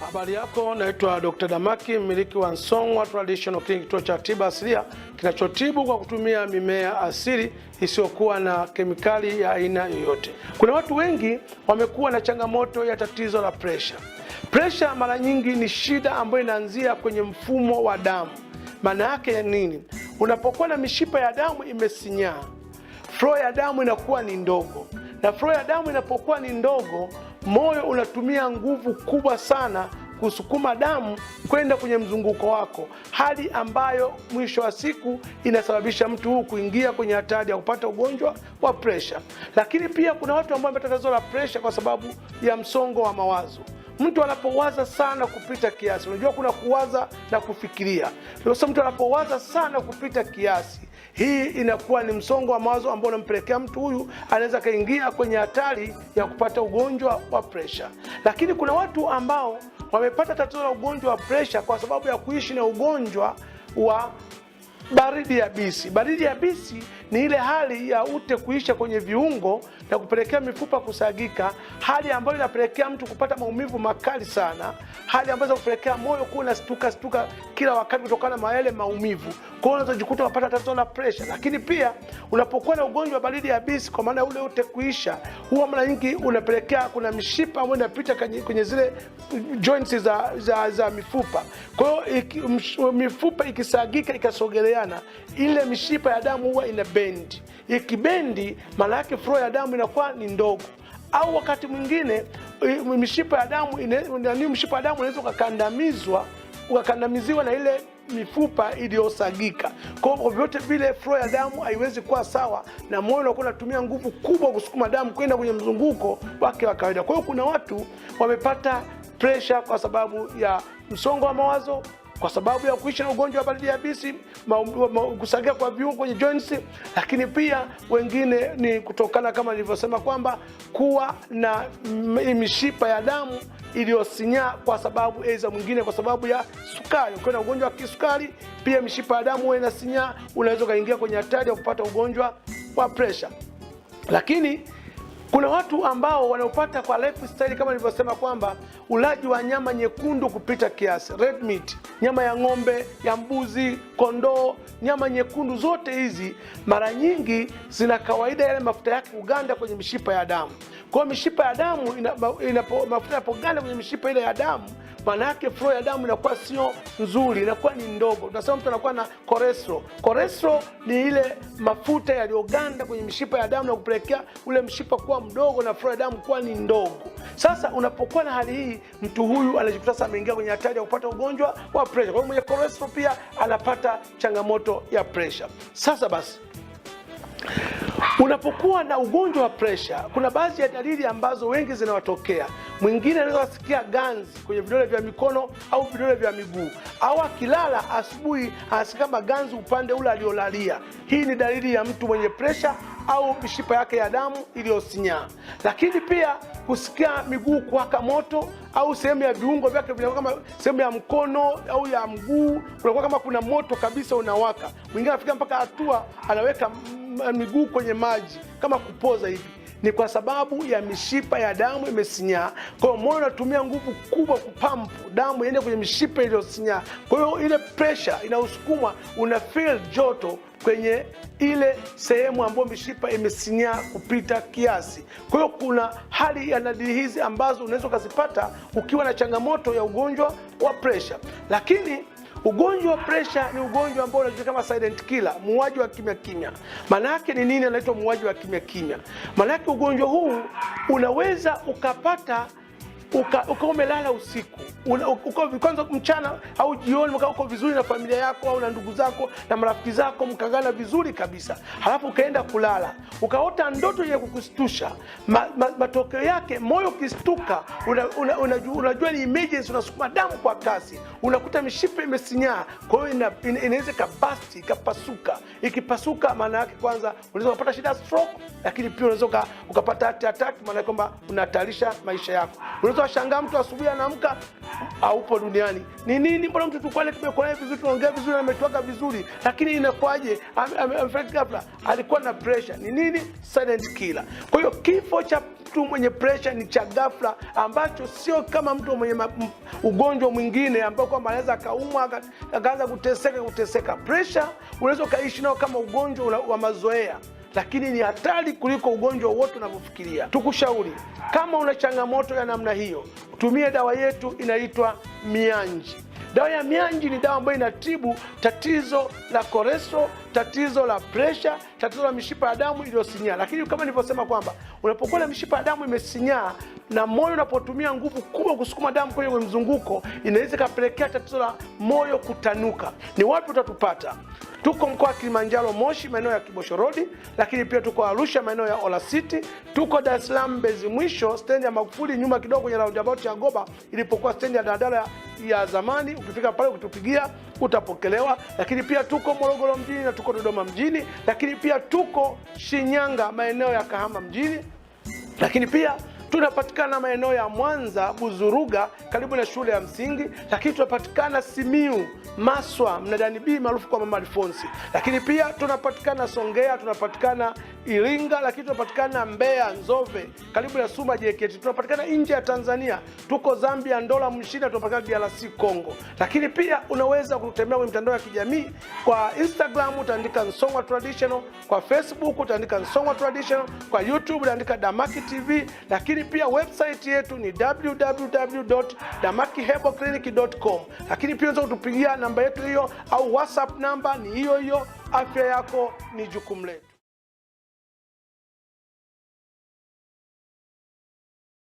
Habari yako, naitwa Dr. Damaki, mmiliki wa Song'wa Traditional Clinic, kituo cha tiba asilia kinachotibu kwa kutumia mimea asili isiyokuwa na kemikali ya aina yoyote. Kuna watu wengi wamekuwa na changamoto ya tatizo la presha. Presha mara nyingi ni shida ambayo inaanzia kwenye mfumo wa damu. Maana yake ya nini? Unapokuwa na mishipa ya damu imesinyaa, flow ya damu inakuwa ni ndogo, na flow ya damu inapokuwa ni ndogo moyo unatumia nguvu kubwa sana kusukuma damu kwenda kwenye mzunguko wako, hali ambayo mwisho wa siku inasababisha mtu huu kuingia kwenye hatari ya kupata ugonjwa wa presha. Lakini pia kuna watu ambao wamepata tatizo la presha kwa sababu ya msongo wa mawazo mtu anapowaza sana kupita kiasi, unajua kuna kuwaza na kufikiria. Sasa mtu anapowaza sana kupita kiasi, hii inakuwa ni msongo wa mawazo ambao unampelekea mtu huyu anaweza akaingia kwenye hatari ya kupata ugonjwa wa presha. Lakini kuna watu ambao wamepata tatizo la ugonjwa wa presha kwa sababu ya kuishi na ugonjwa wa baridi yabisi. Baridi yabisi ni ile hali ya ute kuisha kwenye viungo na kupelekea mifupa kusagika, hali ambayo inapelekea mtu kupata maumivu makali sana, hali ambayo kupelekea moyo kuwa na stuka stuka kila wakati kutokana na yale maumivu. Kwa hiyo unazojikuta unapata tatizo la pressure, lakini pia unapokuwa na ugonjwa wa baridi yabisi, kwa maana ule ute kuisha, huwa mara nyingi unapelekea kuna mishipa ambayo inapita kwenye zile joints za, za, za mifupa. Kwa hiyo mifupa ikisagika ikasogeleana, ile mishipa ya damu huwa ina ikibendi. kibendi maana yake flow ya damu inakuwa ni ndogo, au wakati mwingine eh, mishipa ya damu, mshipa ya damu unaweza ukakandamizwa ukakandamiziwa na ile mifupa iliyosagika. Kwa hivyo vyote vile flow ya damu haiwezi kuwa sawa, na moyo unakuwa unatumia nguvu kubwa kusukuma damu kwenda kwenye mzunguko wake wa kawaida. Kwa hiyo kuna watu wamepata presha kwa sababu ya msongo wa mawazo kwa sababu ya kuishi na ugonjwa wa baridi yabisi, kusagia kwa viungo kwenye joints, lakini pia wengine ni kutokana kama nilivyosema kwamba kuwa na mishipa ya damu iliyosinyaa kwa sababu aidha eh, mwingine kwa sababu ya sukari. Ukiwa na ugonjwa wa kisukari, pia mishipa ya damu inasinyaa, unaweza ukaingia kwenye hatari ya kupata ugonjwa wa presha, lakini kuna watu ambao wanaopata kwa lifestyle kama nilivyosema kwamba ulaji wa nyama nyekundu kupita kiasi, red meat, nyama ya ng'ombe, ya mbuzi, kondoo, nyama nyekundu zote hizi mara nyingi zina kawaida yale mafuta yake kuganda kwenye mishipa ya damu. Kwa mishipa ya damu inapo ina, mafuta yanapoganda kwenye mishipa ile ya damu, maana yake flow ya damu inakuwa sio nzuri, inakuwa ni ndogo. Tunasema mtu anakuwa na cholesterol. Cholesterol ni ile mafuta yaliyoganda kwenye mishipa ya damu na kupelekea ule mshipa kuwa mdogo na furaha damu kuwa ni ndogo. Sasa unapokuwa na hali hii, mtu huyu anajikuta sasa ameingia kwenye hatari ya kupata ugonjwa wa presha. Kwa hiyo mwenye cholesterol pia anapata changamoto ya presha. Sasa basi unapokuwa na ugonjwa wa presha, kuna baadhi ya dalili ambazo wengi zinawatokea. Mwingine anaweza kusikia ganzi kwenye vidole vya mikono au vidole vya miguu, au akilala asubuhi anasikia kama ganzi upande ule aliolalia. Hii ni dalili ya mtu mwenye presha au mishipa yake ya damu iliyosinyaa, lakini pia kusikia miguu kuwaka moto au sehemu ya viungo vyake vinakuwa kama sehemu ya mkono au ya mguu kunakuwa kama kuna moto kabisa unawaka. Mwingine anafika mpaka hatua anaweka miguu kwenye maji kama kupoza hivi ni kwa sababu ya mishipa ya damu imesinyaa. Kwa hiyo moyo unatumia nguvu kubwa kupampu damu iende kwenye mishipa iliyosinyaa. Kwa hiyo ile presha inausukumwa, una feel joto kwenye ile sehemu ambayo mishipa imesinyaa kupita kiasi. Kwa hiyo kuna hali ya nadili hizi ambazo unaweza ukazipata ukiwa na changamoto ya ugonjwa wa presha, lakini Ugonjwa wa presha ni ugonjwa ambao unajulikana kama silent killer, muuaji wa kimya kimya. Maana yake ni nini? Anaitwa muuaji wa kimya kimya. Maana yake ugonjwa huu unaweza ukapata ukawa umelala usiku una, uko, kwanza mchana au jioni uko vizuri na familia yako au na ndugu zako na marafiki zako mkagana vizuri kabisa, halafu ukaenda kulala ukaota ndoto ya kukustusha ma, ma, matokeo yake moyo ukistuka unajua una, una, una, una ni emergency, unasukuma damu kwa kasi, unakuta mishipa imesinyaa, kwa hiyo ina, ina, inaweza ikabasti ikapasuka. Ikipasuka maana yake kwanza unaweza kupata shida stroke, lakini pia unaweza ukapata heart attack, maana kwamba unahatarisha maisha yako unaweza mtu ashangaa, mtu asubuhi anaamka aupo duniani. Ni nini? Mbona mtu tukwale, naye vizuri, tunaongea vizuri, ametuaga vizuri, lakini inakuwaje? Amefariki ghafla, alikuwa na pressure. Ni nini? Silent killer. Kwa hiyo kifo cha mtu mwenye pressure ni cha ghafla, ambacho sio kama mtu mwenye ugonjwa mwingine ambao kwamba anaweza akaumwa akaanza kuteseka kuteseka. Pressure unaweza ukaishi nao kama ugonjwa wa mazoea lakini ni hatari kuliko ugonjwa wote unavyofikiria. Tukushauri, kama una changamoto ya namna hiyo, tumie dawa yetu inaitwa mianji. Dawa ya mianji ni dawa ambayo inatibu tatizo la koreso tatizo la presha, tatizo la mishipa ya damu iliyosinyaa. Lakini kama nilivyosema kwamba unapokuwa na mishipa ya damu imesinyaa na moyo unapotumia nguvu kubwa kusukuma damu kwenye mzunguko, inaweza ikapelekea tatizo la moyo kutanuka. Ni wapi utatupata? tuko mkoa wa Kilimanjaro Moshi, maeneo ya Kibosho Road, lakini pia tuko Arusha, maeneo ya Ola City, tuko Dar es Salaam Mbezi Mwisho, stendi ya Magufuli, nyuma kidogo kwenye roundabout ya Goba ilipokuwa stendi ya daladala ya zamani. Ukifika pale ukitupigia utapokelewa, lakini pia tuko Morogoro mjini na tuko Dodoma mjini, lakini pia tuko Shinyanga maeneo ya Kahama mjini, lakini pia tunapatikana maeneo ya Mwanza, Buzuruga karibu na shule ya msingi, lakini tunapatikana Simiu, Maswa, mnadani B maarufu kwa Mama Alfonsi, lakini pia tunapatikana Songea, tunapatikana Iringa, lakini tunapatikana Mbeya, Nzove karibu na Suma JKT, tunapatikana nje ya Tanzania, tuko Zambia, Ndola, Mshina, tunapatikana DRC Congo. Lakini pia unaweza kutembea kwenye mitandao ya kijamii, kwa Instagram utaandika Song'wa Traditional, kwa Facebook utaandika Song'wa Traditional, kwa YouTube utaandika Damaki TV lakini lakini pia website yetu ni www.damakiheboclinic.com, lakini pia unaweza kutupigia namba yetu hiyo, au whatsapp namba ni hiyo hiyo. Afya yako ni jukumu letu.